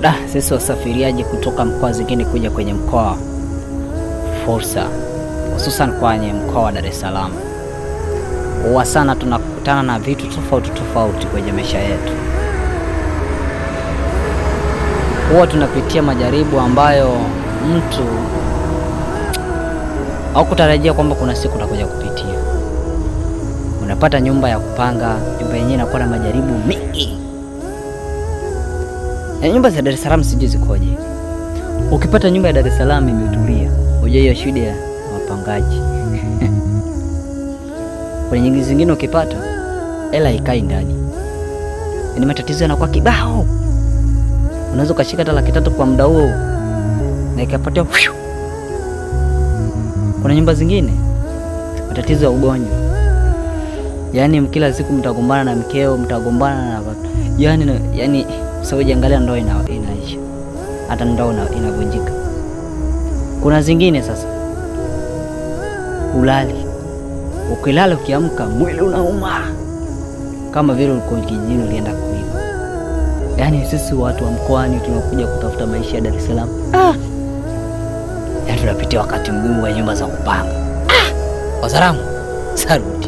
Da, ah, sisi wasafiriaji kutoka mkoa zingine kuja kwenye mkoa fursa, hususan kwenye mkoa wa Dar es Salaam, huwa sana tunakutana na vitu tofauti tofauti kwenye maisha yetu. Huwa tunapitia majaribu ambayo mtu haukutarajia kwamba kuna siku utakuja kupitia. Unapata nyumba ya kupanga, nyumba yenyewe inakuwa na majaribu mengi nyumba za Dar es Salaam sijui zikoje. Ukipata nyumba ya Dar es Salaam imetulia, hoja hiyo shida ya wapangaji. Kwenye nyingi zingine ukipata hela ikai ndani, yaani matatizo yanakuwa kibao. Unaweza ukashika hata laki tatu kwa muda huo na ikapata. Kuna nyumba zingine matatizo ya ugonjwa yani kila siku mtagombana na mkeo, mtagombana na yani, yani jiangalia, ndoa ina, inaisha, hata ndoa inavunjika. Kuna zingine sasa ulali, ukilala ukiamka mwili unauma kama vile uko kijijini ulienda kuiba. Yani sisi watu wa mkoani tunakuja kutafuta maisha ya Dar es Salaam ah. Yani tunapitia wakati mgumu wa nyumba za kupanga ah. Wazaramu saruti